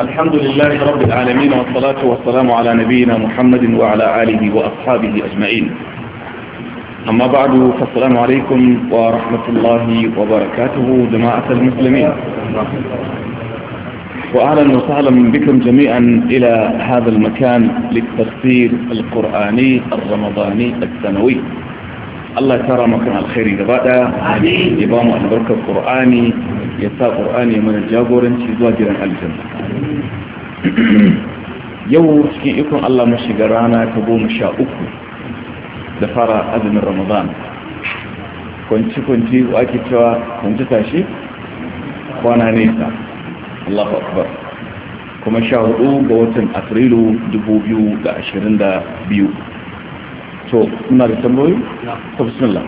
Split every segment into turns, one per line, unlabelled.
الحمد لله رب العالمين والصلاة والسلام على نبينا محمد وعلى آله وأصحابه أجمعين أما بعد فالسلام عليكم ورحمة الله وبركاته جماعة المسلمين وأهلا وسهلا بكم جميعا إلى هذا المكان للتفسير القرآني الرمضاني السنوي الله ترى مكان الخير alkhairi gaba daya ya القرآني mu قرآني من ya sa Qur'ani mana yau cikin ikon Allah mu shiga rana ta goma sha uku da fara azumin ramadan kwanci-kwanci ake cewa kwanci tashi kwana nesa allahu akbar kuma sha hudu ga watan afrilu 2022 to kuna da tambayoyi? ta bismillah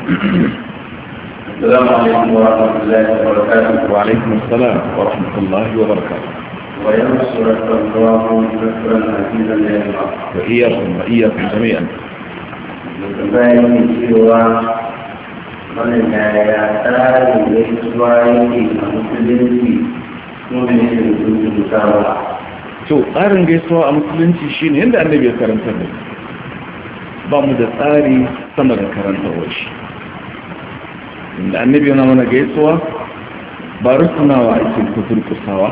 السلام عليكم ورحمة الله وبركاته وعليكم السلام ورحمة الله وبركاته وإياكم وإياكم جميعا gaisuwa yake a musulunci ba.
to tsarin gaisuwa a musulunci shi ne yadda annabi ya karanta da ba mu da tsari sama da karanta wace inda annabi yana mana gaisuwa ba rufunawa ake kusurkusawa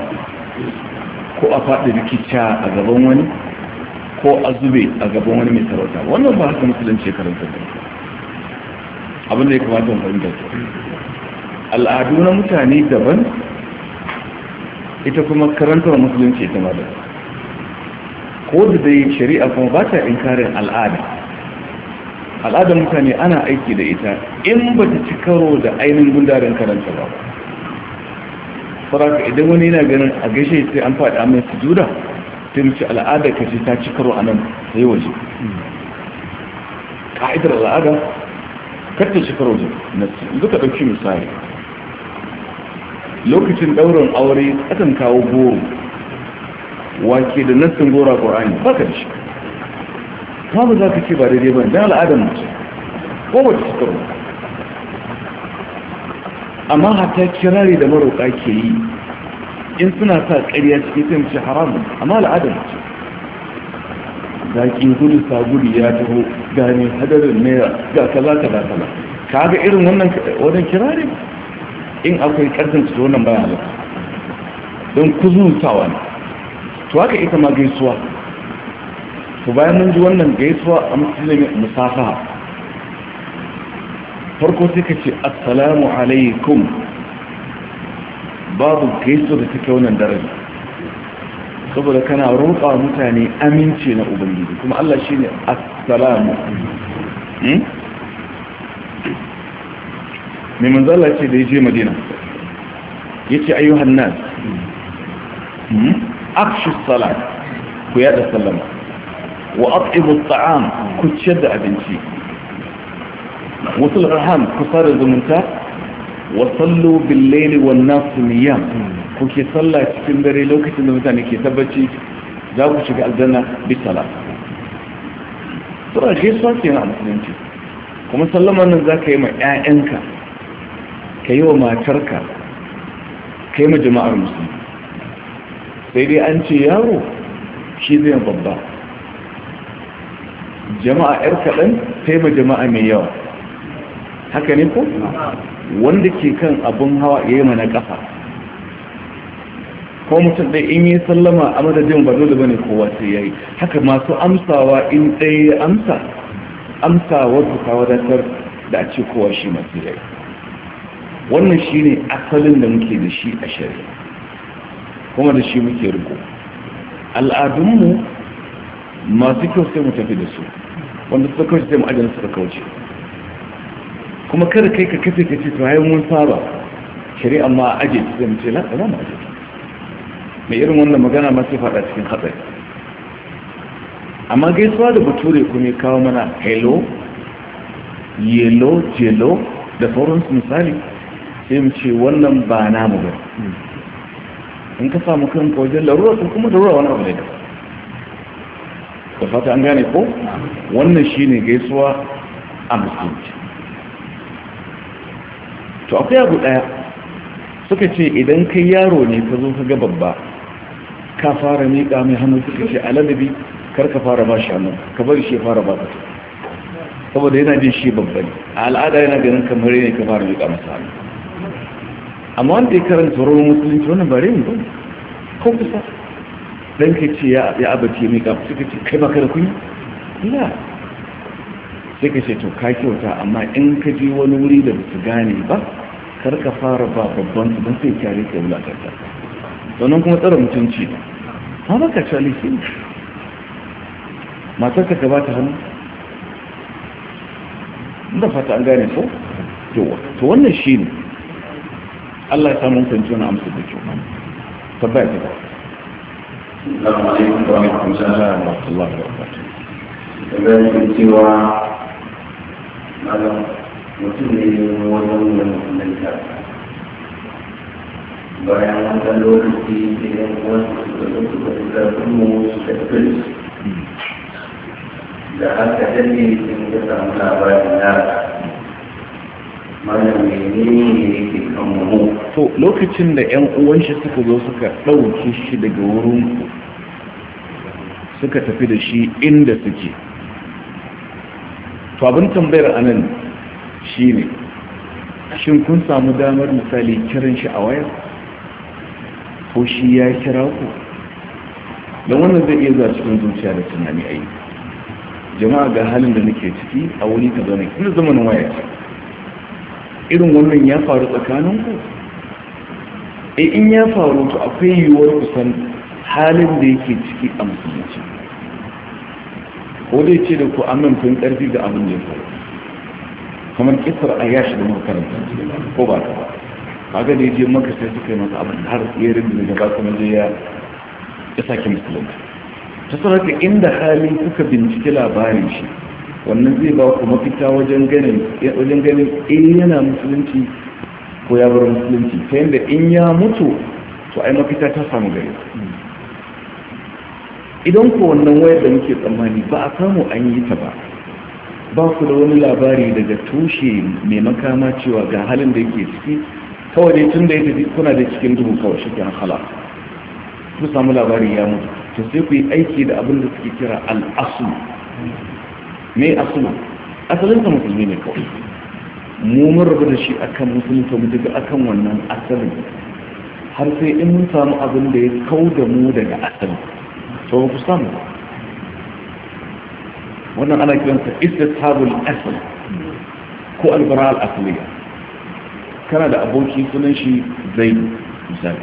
ko a faɗi rikica a gaban wani ko a zube a gaban wani mai sarauta wannan ba haka musulunci shekarun da abin da ya kamata wani da su al'adu na mutane daban ita kuma karantar musulunci ita ma da ko da dai shari'a kuma ba ta inkarin al'ada al'adar mutane ana aiki da ita in ba ta ci karo da ainihin gundarin karanta ba saraka idan wani yana ganin a gaishe sai an faɗi a mai sujuda sai mace al'ada ka ce ta ci karo a nan sai waje ka'idar al'ada kar ci karo da nasi yanzu ka ɗauki misali lokacin ɗaurin aure akan kawo goro wake da nassin gora ƙorani ba ka da shi ba za ka ce ba daidai ba don al'adar mace ko wata ci karo amma hata kirari da maroƙa ke yi in suna sa ƙariya cikin sai mace haramun amma al'adar ce zaƙi gudu sabuli ya taho gane hadarin naira ga kaza kaza kaza ka ga irin wannan wajen kirari in akwai ƙarfin su wannan baya ba don kuzuntawa ne to haka ita ma gaisuwa to bayan mun ji wannan gaisuwa a musulmi musafaha farko sai ka ce assalamu alaikum babu gaiso da take wannan daraja saboda kana roƙa mutane aminci na ubangiji kuma Allah shine assalamu hmm? mai manzala ce da ya je madina ya ce ayyuhan nas hmm? akshu salat ku yada sallama wa at'imu ta'am ku ciyar da abinci wasu raham kusa da zumunta wasallu billaili wannan suniya kuke sallah cikin dare lokacin da mutane ke tabbaci za ku shiga aljanna bisala sura shi suwa ke na musulunci kuma sallama nan za ka yi ma 'ya'yanka ka yi wa matarka ka yi ma jama'ar musulmi sai dai an ce yaro shi zai babba jama'a 'yar kaɗan yi ma jama'a mai yawa haka ne ko wanda ke kan abun hawa ya yi mana kafa ko mutum ɗai in yi sallama a madadin ba dole ba ne kowa sai ya yi haka masu amsawa in ɗai ya amsa amsa wata ta wadatar da a ce kowa shi masu ya yi wannan shi ne asalin da muke da shi a shari'a kuma da shi muke riko al'adunmu masu kyau sai mu tafi da su wanda suka kauce sai mu ajiyar suka kauce kuma kada kai ka kace kace to hayan mun saba shari'a ma aje sai mu ce la ba mu aje mai irin wannan magana ma sai fada cikin hatsari amma gaisuwa da bature ku ne kawo mana hello yelo, jelo, da sauransu misali sai mu ce wannan ba namu ba in ka samu kan wajen larura ko kuma larura wani abu ne da da fata an gane ko wannan shine gaisuwa a musulunci to akwai abu ɗaya suka ce idan kai yaro ne ka zo ka ga babba ka fara miƙa mai hannu suka ce alalabi kar ka fara ba shi hannu ka bari shi fara ba ka saboda yana jin shi babba ne a al'ada yana ganin kamar ne ka fara miƙa masa hannu amma wanda ya karanta ruwan musulunci wannan ba ne ba ko kusa dan ka ce ya abace miƙa suka ce kai ba kada da kunya ina sai ka ce to ka kyauta amma in ka je wani wuri da ba su gane ba karka fara ba babban su don sai kyare ka wulakarta sannan kuma tsara mutunci ba ba ka cali su matar ka ba ta hannu inda fata an gane so yawa to wannan shi ne Allah ya samu kwanci wani amsa da kyau tabbaya ta ba
Assalamu alaikum warahmatullahi wabarakatuh. Ibrahim cewa malam mutum ne neman wajen da musulunta bayan wata lokaci da yan wasu suka zo suka tura kuma suka tafi da haka danne sun ga samu labarin yara malam ne ne yake kan
to lokacin da yan uwanshi suka zo suka ɗauke shi daga wurin ku suka tafi da shi inda suke to abin tambayar anan Shi ne. shin kun samu damar misali kiran shi a wayar ko shi ya kira ku don wannan zai iya zuwa cikin zuciya da tunani a yi jama'a ga halin da nake ciki a wuri ka zane ina zamanin waya ce irin wannan ya faru tsakanin ku e in ya faru to akwai yiwuwar kusan halin da yake ciki a musulunci ko dai ce da ku amin karfi ga abin da ya faru kamar kisar a yashi da muka karanta ko ba ta kaga da yaje maka sai suka yi masa abin har tsirin da gaba kuma je ya ya sake musulunci. ta sanarwa inda hali suka binciki labarin shi wannan zai ba ku mafita wajen ganin wajen ganin in yana musulunci ko ya bar musulunci ta yadda in ya mutu to ai mafita ta samu gari idan ko wannan wayar da muke tsammani ba a samu an yi ta ba ba ku da wani labari daga tushe mai makama cewa ga halin da yake ciki kawai dai tun da ya tafi kuna da cikin duhu kawai shi ke hankala. ku samu labari ya mutu to sai ku yi aiki da abin da suke kira al'asu me asuna? asalin ta musulmi ne kawai mu mun rabu da shi akan musulunta mu daga akan wannan asalin har sai in mun samu abin da ya kau da mu daga asalin to ku samu wannan ana kiransa istishabul asl ko albara al-asliya kana da aboki sunan shi zaidu misali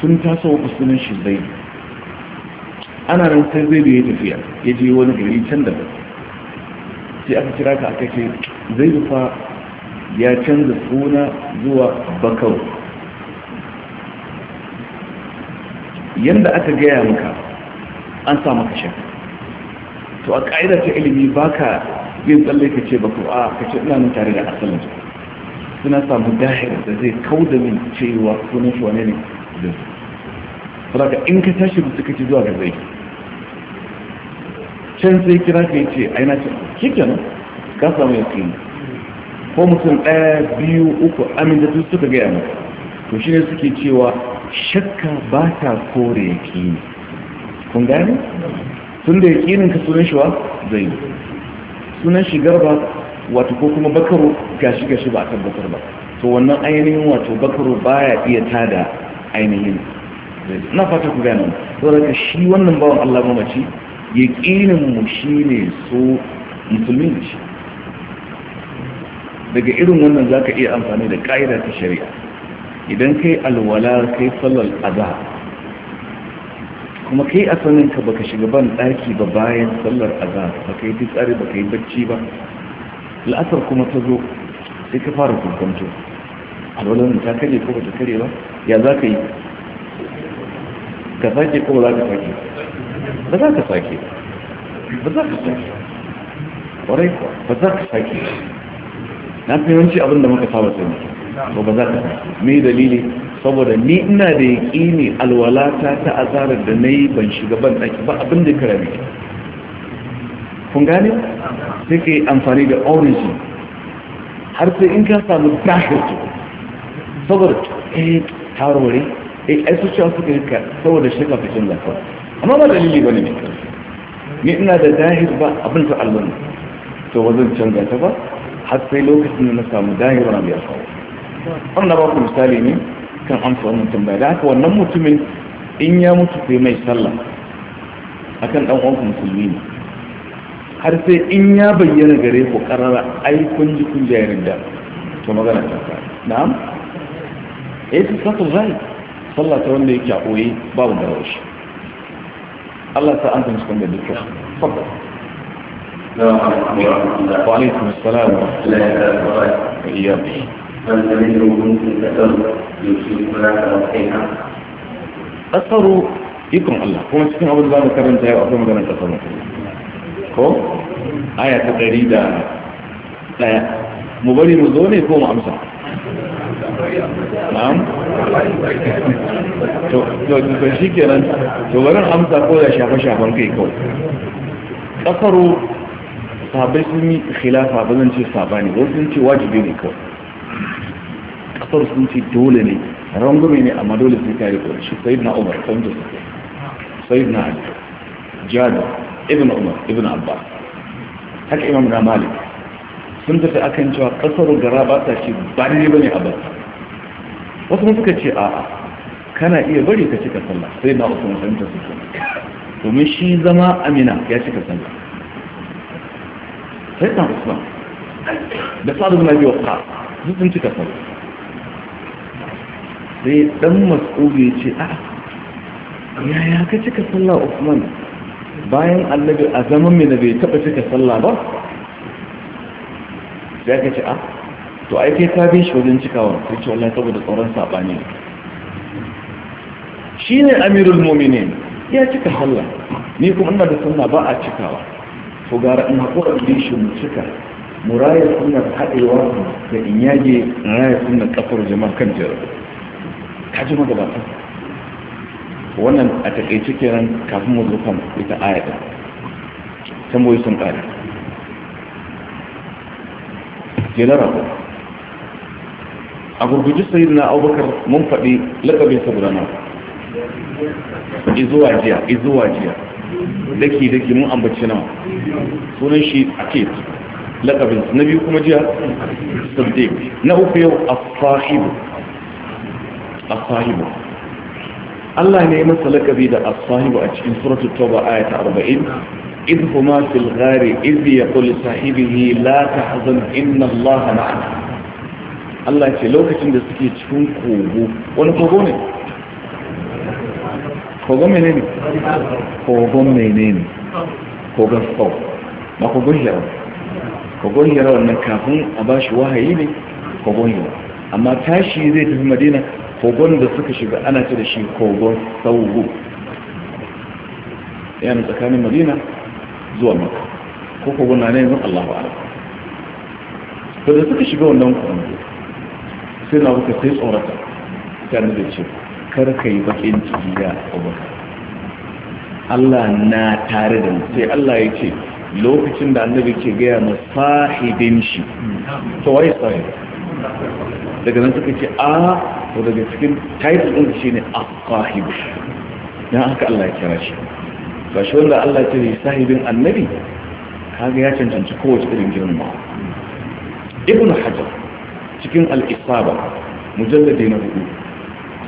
tun taso ku sunan shi zai. ana nan sai da ya tafiya ya je wani gari can da sai aka kira ka aka ce zai fa ya canza suna zuwa bakau yanda aka gaya maka an sa maka shakka to a ƙa'ida ta ilimi ba ka yin tsalle ka ce ba ku a ka ce ina nan tare da asalin suna samu dahir da zai kau da min cewa sunan shi wane ne da su saboda in ka tashi ba suka ci zuwa ga zai can sai kira ka yi ce a yana ce kikin ka samu ya ko mutum ɗaya biyu uku da suka gaya maka to shi ne suke cewa shakka ba ta kore kai kun gane Tunda da ka sunan shi wa zai yi. sunan shi garba wato ko kuma bakaro gashi gashi ba a tabbatar ba to wannan ainihin wato bakaro baya iya tada ainihin na fata ku gano to da shi wannan bawan Allah mamaci yaƙinin mu shine so musulmi shi daga irin wannan zaka iya amfani da ka'ida ta shari'a idan kai alwala kai sallar azhar kuma kai a saninka baka shiga ban daki ba bayan sallar azhar baka yi fitsari baka yi bacci ba la'asar kuma ta zo sai ka fara kokonto alwalar ta kare ko ta kare ba ya za ka yi ka sake ko za ka sake ba za ka sake ba za ka sake ƙwarai kuwa ba za ka sake na fi yawanci abin da muka saba sani ba ba za ka sake me dalili saboda ni ina da yaƙini alwalata ta azarar da na yi ban shiga ban ɗaki ba abin da kira ne kun gane sai ka yi amfani da origin har sai in ka samu su saboda eh tarore eh ai su cewa suka yi ka saboda shi kafin cin lafa amma ba da lili ba ne ni ina da dahil ba abin ta alwani to ba canza ta ba har sai lokacin da na samu dahil ba na biyar kawo wannan ba ku misali ne kan amsa wannan tambaya da haka wannan mutumin in ya mutu sai mai sallah akan dan uwanku musulmi ne har sai in ya bayyana gare ku karara ai kun ji kun jayarin da to magana ta fara na'am eh to saka zai sallah ta wanda yake a oye babu da rawashi Allah ta an tantance kun da duka fadda
وعليكم السلام ورحمة الله
وبركاته.
وإياكم.
ƙasaru ikon Allah kuma cikin abin da za mu karanta yau akwai maganar ƙasar ko aya ta ɗari da ɗaya mu bari mu zo ne ko mu amsa
na'am to to shi kenan to bari amsa ko da shafe shafen kai kawai
ƙasaru sahabbai sun yi khilafa ba zan ce sabani wasu sun ce wajibi ne kawai kasar sun ce dole ne rangume ne amma dole sun kare ko shi sai na umar sai da sai na ali jabir ibn umar ibn Abba, haka imam na malik sun tafi a kan cewa kasar gara ba ta ce ba ne bane a bata wasu mun suka ce a'a kana iya bari ka cika sallah sai na usman fahimta su domin shi zama amina ya cika sallah sai na usman da sa'adu na biyu ka sun cika sallah sai dan mas'udu ya ce a yaya ka cika sallah usman bayan annabi a zaman mai bai taba cika sallah ba sai ka ce a to ai kai ka bi shi wajen cikawa sai ce wallahi saboda tsoron sabani shine amirul mu'minin ya cika sallah ni kuma ina da sunna ba a cikawa to gara ina hakura da shi mu cika
mu raya sunnar da
in yage raya sunnar kafar jama'a kan jarabe ka ji magabatan wannan a takaice kiran kafin mu zukan ita aya ɗin tamboyi sun ƙari ke na a gurguji sayi na abubakar mun faɗi lakabin saboda na izuwa jiya izuwa jiya daki daki mun ambaci nawa sunan shi a ke lakabin na biyu kuma jiya sabdik na uku yau a fahimu asahibu Allah ne masa lakabi da asahibu a cikin suratul tauba ayat 40 idh huma fil ghari idh yaqulu sahibihi la tahzan inna Allaha ma'ana Allah ce lokacin da suke cikin kogo wani kogo ne kogon menene kogon menene kogon sau ba kogon yaron kogon yaron nan kafin a bashi wahayi ne kogon yaron amma tashi zai tafi madina kogon da suka shiga ana ce da shi kogon sauru yana tsakanin madina zuwa maka ko kogon na ne yanzu allahu ala to da suka shiga wannan kogon sai na buka sai tsorata ta da ce kar ka yi bakin ciki ya abubakar Allah na tare da mu sai Allah ya ce lokacin da annabi ke gaya ma sahibin shi to wai sahib daga nan suka ce a to daga cikin title din shi ne aqahib dan haka Allah ya kira shi ba shi wanda Allah ya ce sahibin annabi kaga ya cancanci kowace irin girma ibn hajar cikin al-isaba mujallad na hudu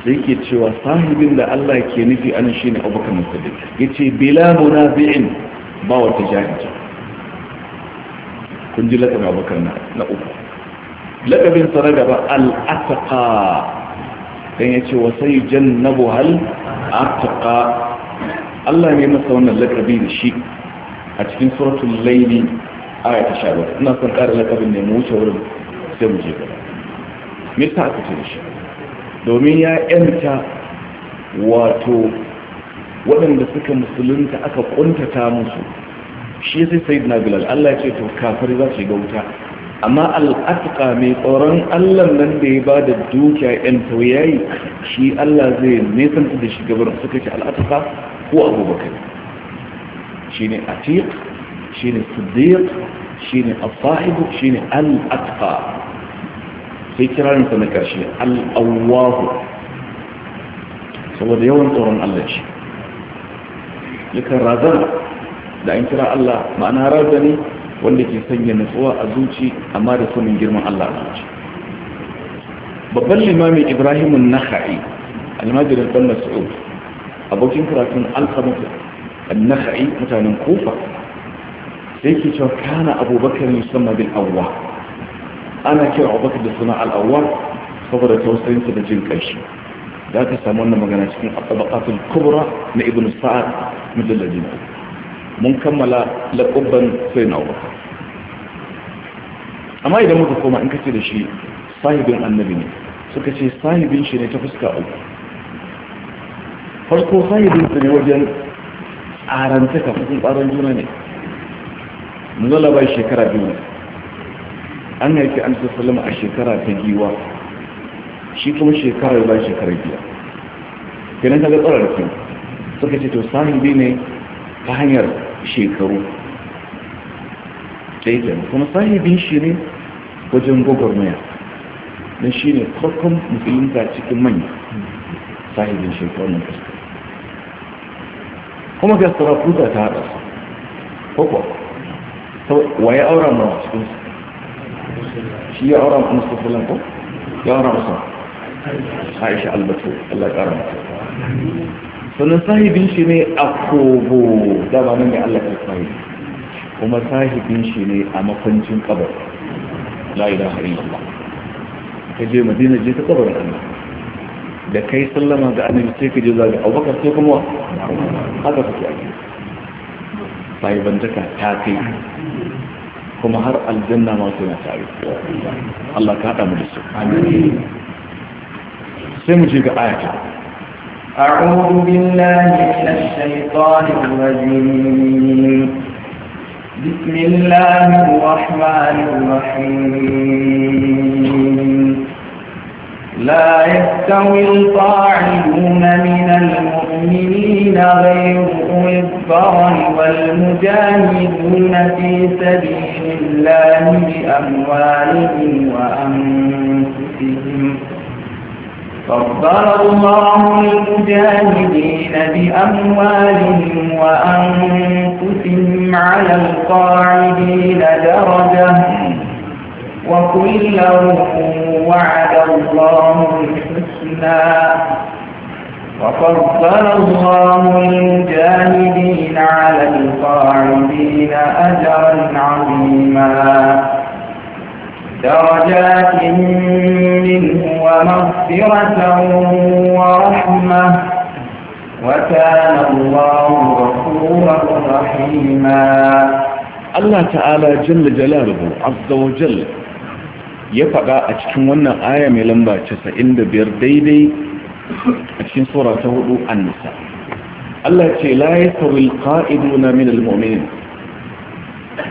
sai ke cewa sahibin da Allah ke nufi anan ne abubakar ce yace bila munazi'in ba wata jahilci kun ji lakabin abubakar na uku lakabin sa na gaba al'ataka dan ya ce wasai jannabu hal ataka Allah ne masa wannan lakabi da shi a cikin suratul laili aya ta 17 ina son ƙara lakabin ne mu wuce wurin sai mu je gaba me yasa aka ce shi domin ya yanta wato waɗanda suka musulunta aka ƙuntata musu shi sai na bilal Allah ya ce to kafir za su ga wuta amma al'atka mai tsoron allah nan da ya ba da dukiya yan tauyayi shi allah zai nisan da shi gabar suka ce al'atka ko abubakar shi ne atiq shi ne siddiq shi ne asahibu shi ne al'atka sai kirarinsa na ƙarshe al'awwahu saboda yawan tsoron allah shi yakan razana da an kira allah ma'ana razani wanda ke sanya nutsuwa a zuci amma da sunan girman Allah a zuci babban limamin ibrahim an-nakhai almajirin dan mas'ud abokin karatun alqamah an mutanen kufa sai ke cewa kana abubakar musamman bin awwa ana kira abubakar da suna al saboda tausayinsa da jin kai za ka samu wannan magana cikin abubakatul kubra na ibn sa'ad mujalladin mun kammala laƙubban sai na wata amma idan muka koma in kace da shi sahibin annabi ne suka ce sahibin shi ne ta fuska uku farko sahibin su ne wajen tsarantaka kusan tsaron juna ne nuna bai shekara biyu ne an haifi an sassalama a shekara ta giwa shi kuma shekara bai shekara biya kenan ka ga tsararraki suka ce to sahibi ne ta hanyar shekaru ɗaya kenan kuma sahibin shi ne wajen gwagwarmaya don shi ne farkon musulunta cikin manya sahibin shekaru na fuska kuma ga sarakuta ta haɗa su kwakwa wa ya aura a cikin su shi ya aura mawa su fulan ko ya aura mawa aisha albatu allah ya ƙara mata sannan sahibin shi ne a kogo dama nan ne Allah ta sahibi kuma sahibin shi ne a makwancin kabar la ilaha illallah ka je madina je ta kabar Allah da kai sallama ga annabi sai ka je zaga abubakar sai kuma haka kake ake ban daka ta kai kuma har aljanna ma na tare Allah ka hada mu da su amin sai mu je ga ayata
أعوذ بالله من الشيطان الرجيم بسم الله الرحمن الرحيم لا يستوي القاعدون من المؤمنين غير أولي الضرر والمجاهدون في سبيل الله بأموالهم وأنفسهم فاغفر الله للمجاهدين بأموالهم وأنفسهم على القاعدين درجة وكلا وعد الله الحسنى وفضل الله المجاهدين على القاعدين أجرا عظيما درجات منه ومغفرة ورحمة وكان الله غفورا رحيما
Allah ta'ala jalla jalaluhu azza wa jalla ya faɗa a cikin wannan aya mai lamba 95 daidai a cikin sura ta hudu an-nisa Allah ce la yasawi al-qa'iduna min al-mu'minin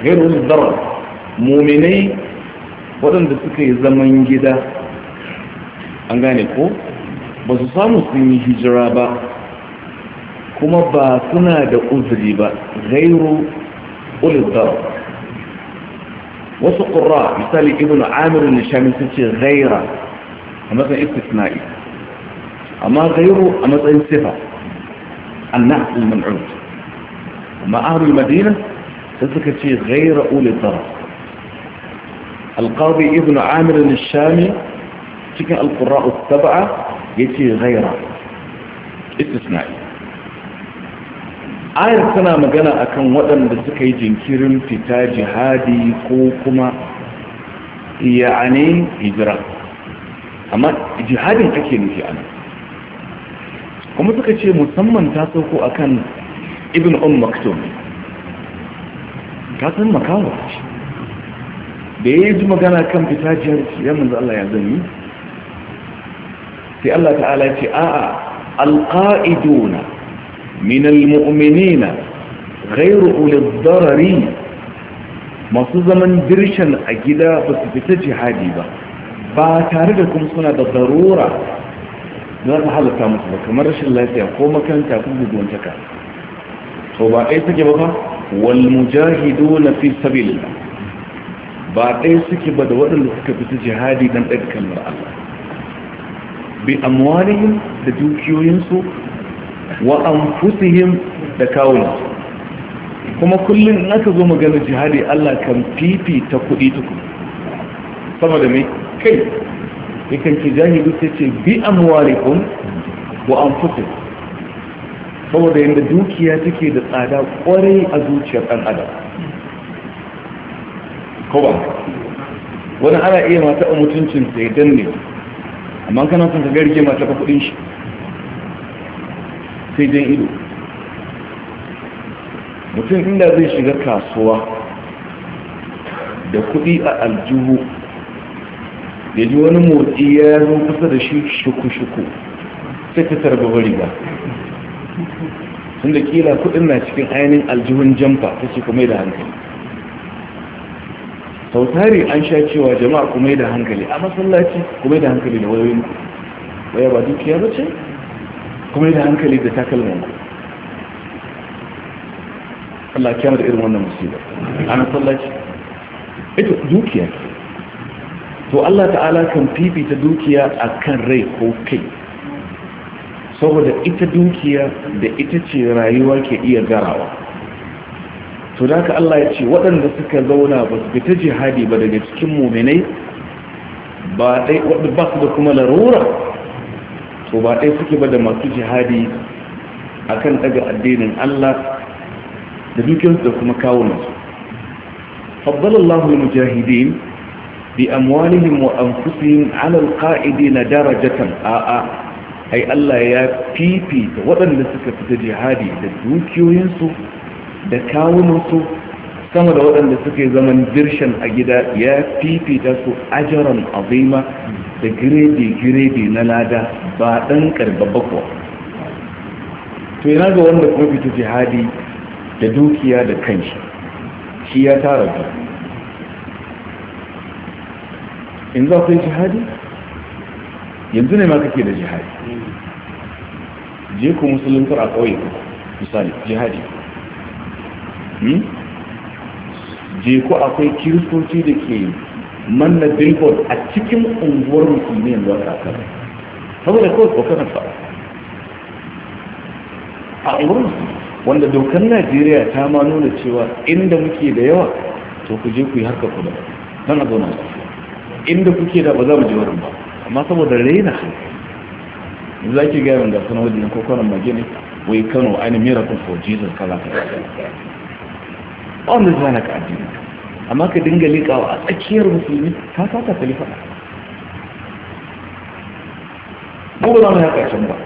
ghayru al-darar mu'minai waɗanda suka yi zaman gida an gane ko ba su samu sun yi hijira ba kuma ba suna da uzuri ba gairu ulizar wasu ƙura misali ibn amirin nishami su ce gaira a matsayin istisna'i amma gairu a matsayin sifa annas al-man'ud ma'arul madina sai suka ce gaira ulizar alƙawar ibn amir al-shami cikin alƙura'u saba'a ya ce ghaira istisna'i ayar tana magana akan waɗanda suka yi jinkirin fita jihadi ko kuma ya'ani hijira amma jihadin ake nufi ana kuma suka ce musamman ta sauko akan ibn Umar maktum ta san makawa ce da ya ji magana kan fita jihar ya manzo Allah ya zan sai Allah ta'ala ce a'a alqa'iduna minal almu'minina ghayru ulil darari masu zaman dirshan a gida ba su fita jihadi ba ba tare da kuma suna da darura za su halatta musu ba kamar rashin lafiya ko makanta ko gudun taka to ba ɗaya take ba ba wal mujahiduna fi sabilillah ba ɗaya suke ba da waɗanda suka fita jihadi don ɗan kalmar Allah bi amwalihim da dukiyoyinsu wa anfusihim da kawunansu kuma kullum in aka zo magana jihadi Allah kan ta kuɗi tukun da mai kai yakan ki jahilu sai ce bi amwalikum wa anfusihim saboda yadda dukiya take da tsada kwarai a zuciyar ɗan adam Koba wani ana iya mata a mutuncin sai ne amma kana sun ka garge mata ka kudin shi sai don ido mutum inda zai shiga kasuwa da kudi a aljihu da ji wani motsi ya yi kusa da shi shuku-shuku sai ta tarba riga tun da kila kudin na cikin ainihin aljihun jamfa ta ce kuma da hankali tari an sha cewa jama'a kuma yi da hankali a masallaci kuma yi da hankali da wayoyin ku waya ba dukiya ba ce kuma da hankali da takalman ku Allah kyamar da irin wannan musiba a masallaci ita eh dukiya to Allah ta'ala kan fifita dukiya a kan rai ko kai saboda ita dukiya da ita ce rayuwa ke iya garawa to da haka Allah ya ce waɗanda suka zauna ba su fita jihadi ba daga cikin muminai ba ɗai waɗanda ba su da kuma larura to ba ɗai suke ba da masu jihadi a kan ɗaga addinin Allah da dukiyarsu da kuma kawunansu faddalallahu mujahidin bi amwalihim wa anfusihim ala alqa'idina darajatan a'a ai Allah ya fifita waɗanda suka fita jihadi da dukiyoyinsu da kawunansu sama da waɗanda suka yi zaman dirshan a gida ya fifita su ajaran azima da giredi-giredi na lada ba ɗan ƙarbabba kuwa to yana ga wanda kuma fito jihadi da dukiya da kanshi shi ya tara ba in za ku yi jihadi yanzu ne ma kake da jihadi je ku musuluntar a ƙauye misali jihadi Hmm? je akwai kiristoci da ke manna billboard a cikin unguwar musulmi yanzu a kan saboda kawai tsokanar sa
a unguwar musulmi
wanda dokar najeriya ta ma nuna cewa inda muke da yawa to ku je ku yi harka ku da nan a zauna inda kuke da ba za mu je wurin ba amma saboda raina za ki gaya min gasar wajen kokonan magini wai kano an miracle for jesus kala kala ba wanda zuwa na ka amma ka dinga liƙawa a tsakiyar musulmi ka sata ta lifa ko ba za mu haka can ba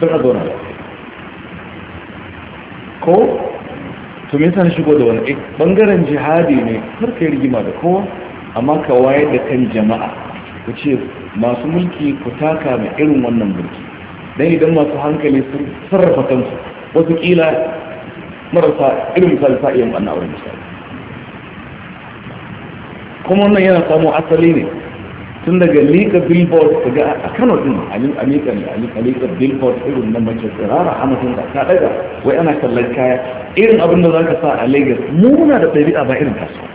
don a zauna ko to me yasa na shigo da wani bangaren eh, jihadi ne har yi rigima da kowa amma ka wayar da kan jama'a ku ce masu mulki ku taka mai irin wannan mulki don idan masu hankali sun sarrafa kansu wasu ƙila. marasa irin misali sa iya ɓanna wurin misali kuma wannan yana samu asali ne tun daga lika billboard ga a kano din a liƙa billboard irin na mace tsirara a matan da ta ɗaga wai ana kallon kaya irin abin da za ka sa a lagos mu muna da ɗabi'a ba irin kasuwa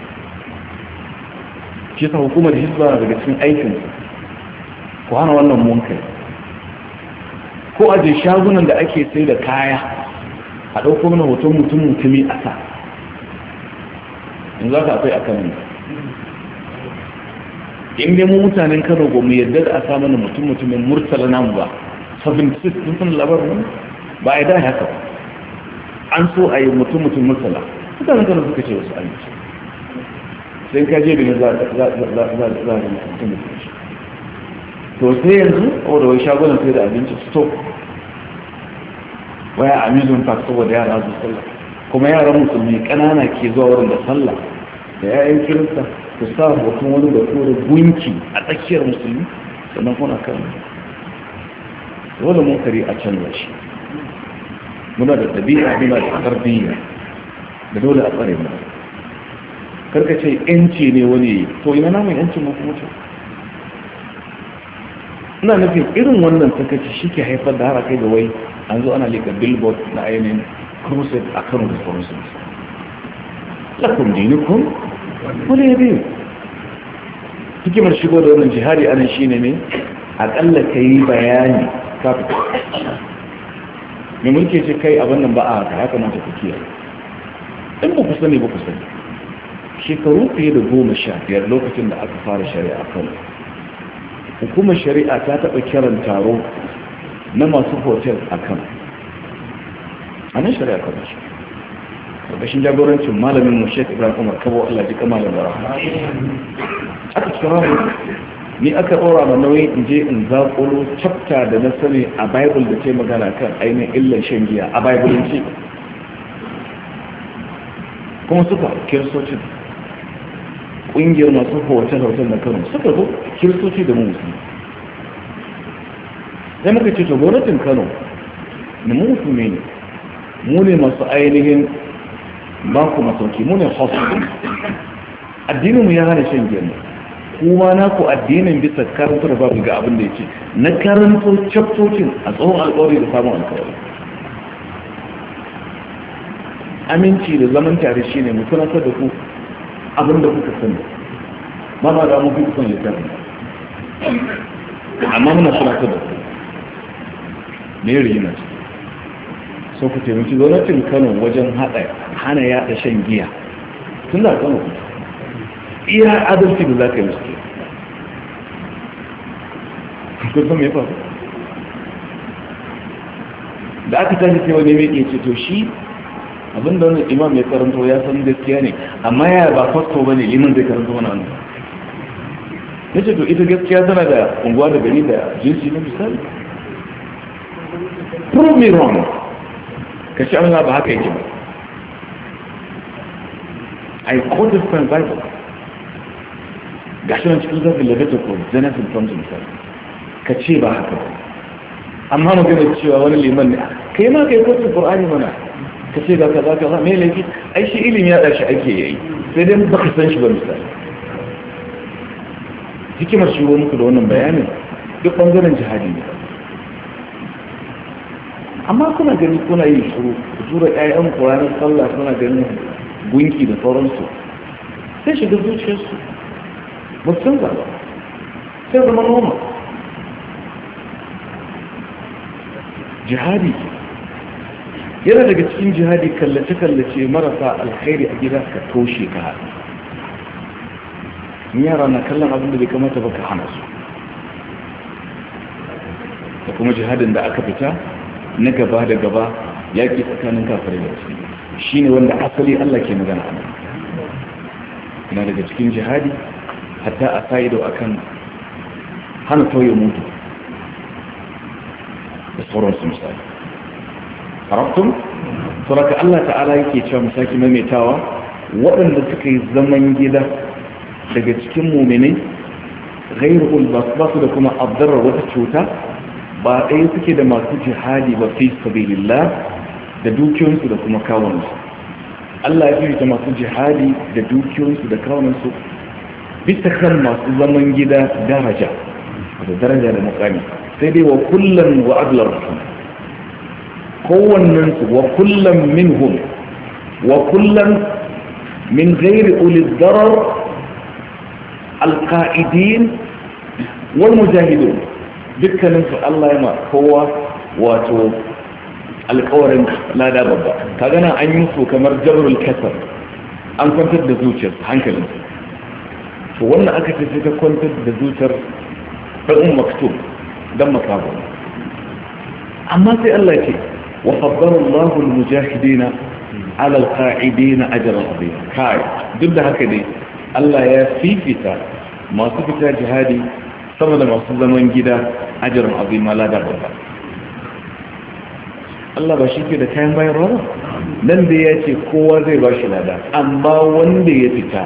shi sa hukumar hizba daga cikin aikin ku hana wannan munkai ko aje shagunan da ake sai da kaya a ɗauko mana hoton mutum mutumi a sa in za ka akwai a kanin in nemo mu mutanen kano ko mu yadda da a sa mana mutum mutumin murtala namu ba 76 sun sun labarin ba a da haka an so a yi mutum mutum murtala mutanen kano suka ce wasu amince sai ka je bini za a mutum mutum to sai yanzu a wadawai shagunan sai da abinci stop waya amizun park saboda yara su sallah kuma yaran musulmi kanana ke zuwa wurin da sallah da yayan kirista ku sa hoton wani da kore gunki a tsakiyar musulmi sannan kuna kan dole munkari a canza shi muna da ɗabi'a muna da tarbiyya da dole a tsare mu karka ce yanci ne wani to ina namun yancin mu kuma ina nufin irin wannan sakaci shi ke haifar da harakai da wai an zo ana lika billboard na ainihin crusade a kan responsible lakon dinukun wani ya biyu hikimar shigo da wannan jihari anan shi ne ne aƙalla ka yi bayani kafin mai mulki ce kai abin nan ba a haka haka mata kukiya in ba ku sani ba ku sani shekaru fiye da goma sha biyar lokacin da aka fara shari'a kan hukumar shari'a ta taɓa kiran taro na masu hotel a kan a nan shari'a kwanar shi ƙarƙashin jagorancin malamin mu ibrahim umar kabo allah ji kama da bara aka cikin mu ni aka ɗora ma nauyin in je in zaƙulo chapter da na sani a bible da ce magana kan ainihin illar shan giya a bible ce kuma suka kiristocin ƙungiyar masu hotel hotel na kano suka zo kirsoci da mu musulmi sai muka ce to gwamnatin kano na mu musulmi ne mu ne masu ainihin ba ku masauki mu ne hosu addinin mu ya hana shan gemu kuma na ku addinin bisa karanta da babu ga abin da ya ce na karanta chaptocin a tsohon alƙawari da samun alƙawari aminci da zaman tare shine mu tunatar da ku abin da kuka sani ba ma da mu kuka son ya amma muna tunatar da ku ne rigimar so ku taimaki gwamnatin kano wajen haɗa hana yaɗa shan giya tun da kano iya adalci da za ka yi musu kusan mai faru da aka tashi sai wani mai iya ce to shi abinda wani imam ya karanto ya san gaskiya ne amma ya ba fasko ba ne liman zai karanto wani wani ya ce to ita gaskiya tana da unguwa da gani da jinsi na misali prove me wrong ka ce Allah ba haka yake ba a yi this from Bible gashi nan cikin zafin ko Genesis tonton himself ka ce ba haka ba amma gina cewa wani liman ne ka yi ma yi kwatsa Qur'ani mana ka ce ga kaza kaza me laifi ai shi ilimi ya dashi ake yayi sai dai ka san shi ba misali hikimar shi muku da wannan bayanin duk bangaren jihadi ne amma kuna ganin kuna yin shuru zura ƴaƴan ƙuranin sallah suna ganin gunki da sauransu sai shiga zuciyarsu ba su canza ba sai zama noma jihadi yana daga cikin jihadi kallace-kallace marasa alkhairi a gida ka toshe ka haɗu yara na kallon abin da bai kamata ba ka hana su da kuma jihadin da aka fita na gaba da gaba yaƙi tsakanin kafar da su shi ne wanda asali Allah ke magana a na daga cikin jihadi hatta a sa'ido a kan hana tauye mutu da sauransu misali faraktun turaka Allah ta'ala yake cewa misaki maimaitawa waɗanda suka yi zaman gida daga cikin muminai gairu ulbasu da kuma abdarar wata cuta ba ɗaya suke da masu jihadi ba fi sabilillah da dukiyoyinsu da kuma kawunansu Allah ya fifita masu jihadi da dukiyoyinsu da kawunansu bisa kan masu zaman gida daraja da daraja da mukami sai dai wa kullum wa adlar su kowannen su wa kullum min hul wa kullum min ghairi ulis darar alka'idin wal mujahidin dukkanin Allah ya ma kowa wato alƙawarin lada babba ka gana an yi su kamar jabrul kasar an kwantar da zuciyar hankalin to wannan aka ce ta kwantar da zuciyar ɗan maktub don makabo amma sai Allah ce wa faddara Allah mujahidina ala al-qa'idina ajran azim kai duk da haka dai Allah ya fifita masu fita jihadi sama da masu zaman gida ajiyar abin malada babba Allah ba shi ke da kayan bayan rana nan da ya ce kowa zai ba shi lada amma wanda ya fita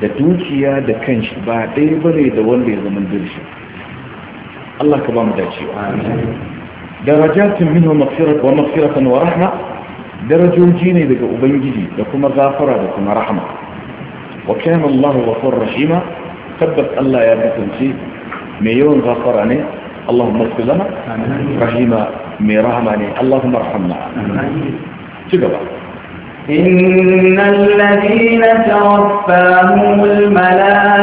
da dukiya da kanshi ba ɗaya ba ne da wanda ya zama dirshi Allah ka ba mu dacewa darajatun min wa mafiratan wa rahma darajoji ne daga ubangiji da kuma zafara da kuma rahma wa kana Allah kwan rashima tabbas Allah ya kasance ميون غفرني اللهم اغفر لنا رحيم ميرهمني اللهم ارحمنا شكرا
إن الذين توفاهم الملائكة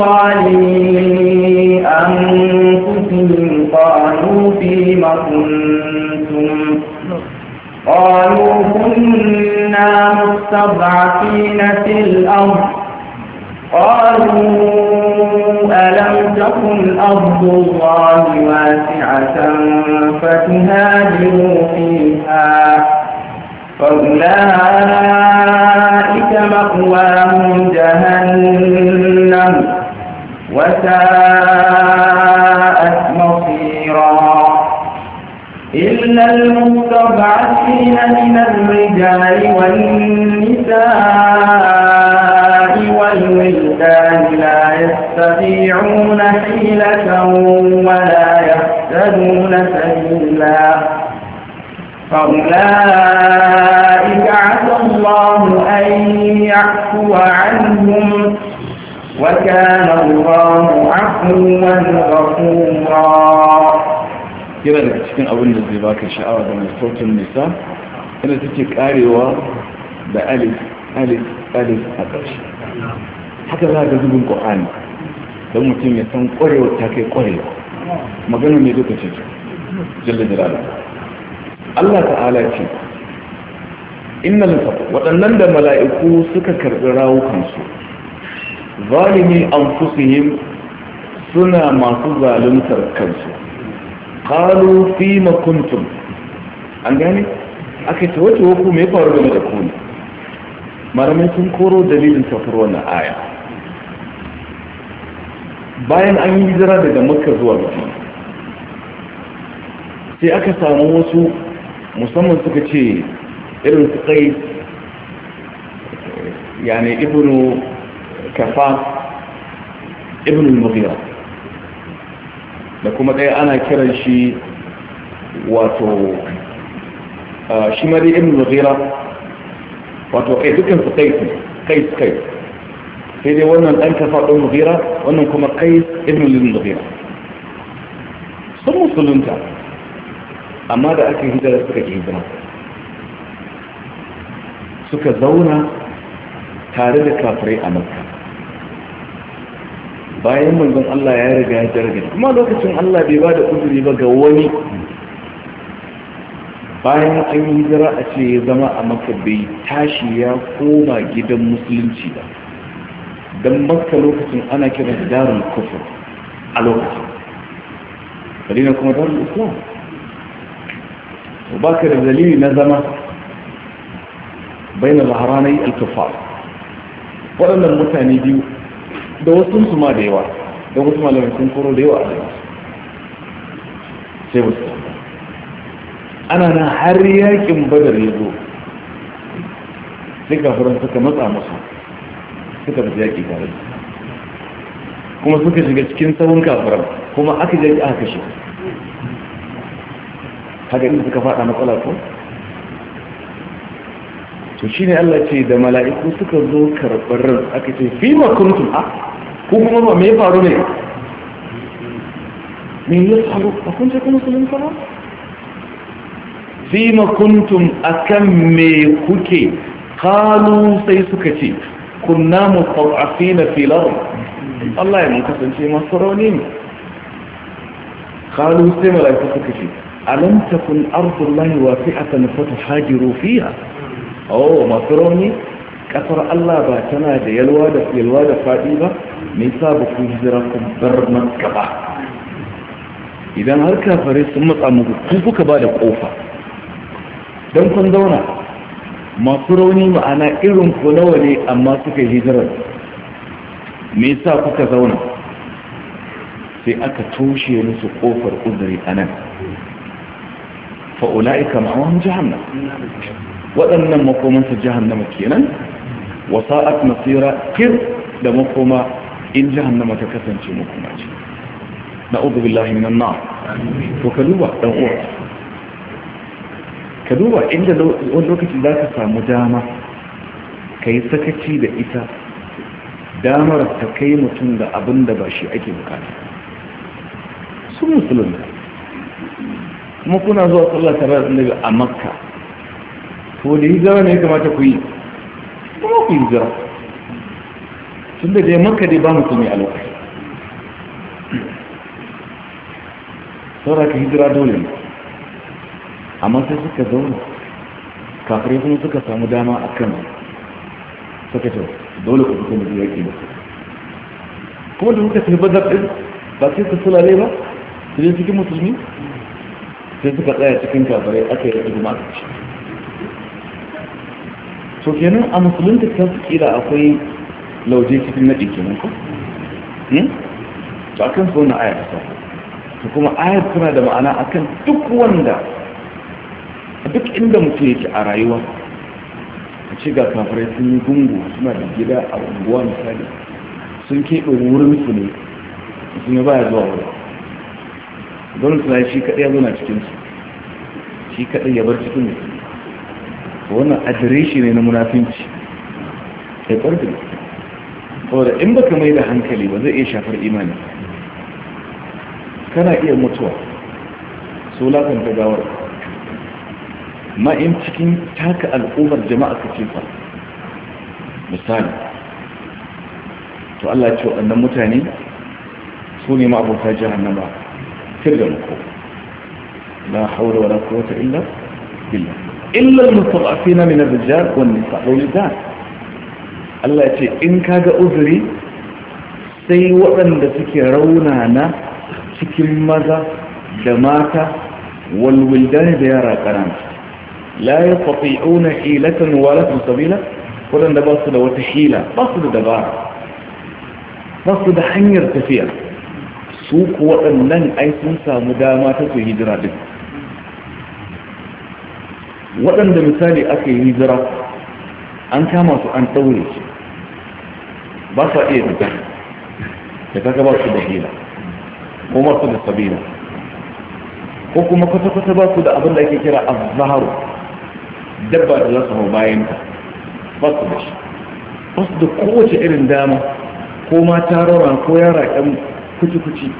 ظالمين أنفسهم قالوا فيما كنتم قالوا كنا مستضعفين في الأرض قالوا ألم تكن أرض الله واسعة فتهاجروا فيها فأولئك مأواهم جهنم وساءت مصيرا إلا المستضعفين من الرجال والنساء الله لا يستطيعون حيلة ولا يهتدون سبيلا فأولئك عسى الله أن يعفو عنهم وكان الله عفوا غفورا kira
daga cikin abin da zai baka sha'awa da mai sautin nisa ina take karewa da alif alif alif a ƙarshe haka za ga zubin ƙwa'ani don mutum ya san ƙwarewa ta kai ƙwarewa magana ne duka ce jalla jalala Allah ta'ala ce inna lafa waɗannan da mala'iku suka karɓi rawukansu zalimi fusihim suna masu zaluntar kansu qalu fi ma an gane aka ce wato ko me faru da ku ne malamai sun koro dalilin tafiyar na aya bayan an yi hijira daga makka zuwa madina sai aka samu wasu musamman suka ce irin su kai yani ibnu kafa ibnu mughira da kuma ɗaya ana kiran shi wato ah, shi mari ibnu mughira wato kai eh, dukkan su kai kai kai sai dai wannan ɗan kafa ɗan mugira wannan kuma kai ibn lil mugira sun musulunta amma da aka hijira suka ke hijira suka zauna tare da kafirai a makka bayan manzon Allah ya riga ya jirgin kuma lokacin Allah bai ba da uzuri ba ga wani bayan an yi hijira a ce ya zama a makka bai tashi ya koma gidan musulunci ba don baka lokacin ana kira darul kufur a lokacin madina kuma darul islam baka da dalili na zama bai na al alkufar waɗannan mutane biyu da wasu su ma da yawa da wasu malamai sun koro da yawa a yawa sai wasu ana na har yakin badar ya zo sai kafiran suka matsa musu suka tafi yaƙi tare kuma suka shiga cikin tsawon kafara kuma aka je aka kashe haka inda suka faɗa matsala ko to shi ne Allah ce da mala'iku suka zo karɓar ran aka ce fi makuntun a ah, ko kuma ba mai faru ne me ya faru a kun ce kuma su limfa fi makuntun a kan me kuke kalu sai suka ce kunna mustad'afina fil ard Allah ya mun kasance masu rauni ne qalu sai malaiku suka ce alam takun ardullahi wasi'atan fatuhajiru fiha oh masu rauni kasar Allah ba tana da yalwa da yalwa da fadi ba me yasa ba ku hijira ku bar makka ba idan har kafare sun matsa muku ku kuka ba da kofa Dan kun zauna masu rauni ma'ana irin ku nawa ne amma suka hijirar me yasa kuka zauna sai aka toshe musu kofar uzuri anan nan ulaika ma'awahum jahannam waɗannan makomansa jahannama kenan wasa'at masira kir da makoma in jahannama ta kasance makoma ce na'udhu billahi minan nar to ka duba dan uwa ka duba inda wani lokaci za ka samu dama ka yi sakaci da ita damar ta kai mutum da abin da ba shi ake bukata sun musulun kuma kuna zuwa tsallar tare da annabi a makka ko da hijira ne kamata ku yi kuma ku hijira tun da dai makka dai ba mutum ya lokaci saboda ka hijira dole ne amma sai suka zauna kafirai kuma suka samu dama a kan suka ce dole ku fito mutu yaƙi ba kuma da suka tafi bazar ɗin ba sai su sulale ba su je cikin musulmi sai suka tsaya cikin kafirai aka yi yaƙi kuma aka ci so kenan a musulunta ta su kira akwai lauje cikin naɗi kenan ko hmm? to kan su wannan ayar ta to kuma ayar tana da ma'ana akan duk wanda duk inda mutum yake a rayuwa a ce ga kafirai sun yi gungu suna da gida a unguwa misali sun keɓe wurin su ne sun yi baya zuwa wurin don su shi kaɗai ya na cikin su shi kaɗai ya bar cikin su wannan adireshi ne na munafinci ya ƙarfi saboda in baka mai da hankali ba zai iya shafar imani kana iya mutuwa so lakanta gawar ma in cikin taka al'ummar jama'a ka ce fa misali to Allah ce waɗannan mutane su ne ma'abota jahannama tirga muku Na haura wani quwwata illa billah illa al-mustada'afina min ar-rijal wan nisa' wal dan Allah ya ce in kaga uzuri sai waɗanda suke raunana cikin maza da mata walwildani da yara ƙananta لا يستطيعون حيلة ولا سبيلة ولا نبصد وتحيلة بصد دبار بصد حنير تفير سوق وأنن أي سنسى مدامات في هجرة دي وأن مثال أكي هجرة أن كما أن توليش بصا إيه بجان كتاك بصد حيلة ومصد سبيلة وكما كتاك بصد أبن لك كرا الظهر dabba da za su hau bayan ta ba da shi ba da kowace irin dama ko mata rawa ko yara ɗan kuci-kuci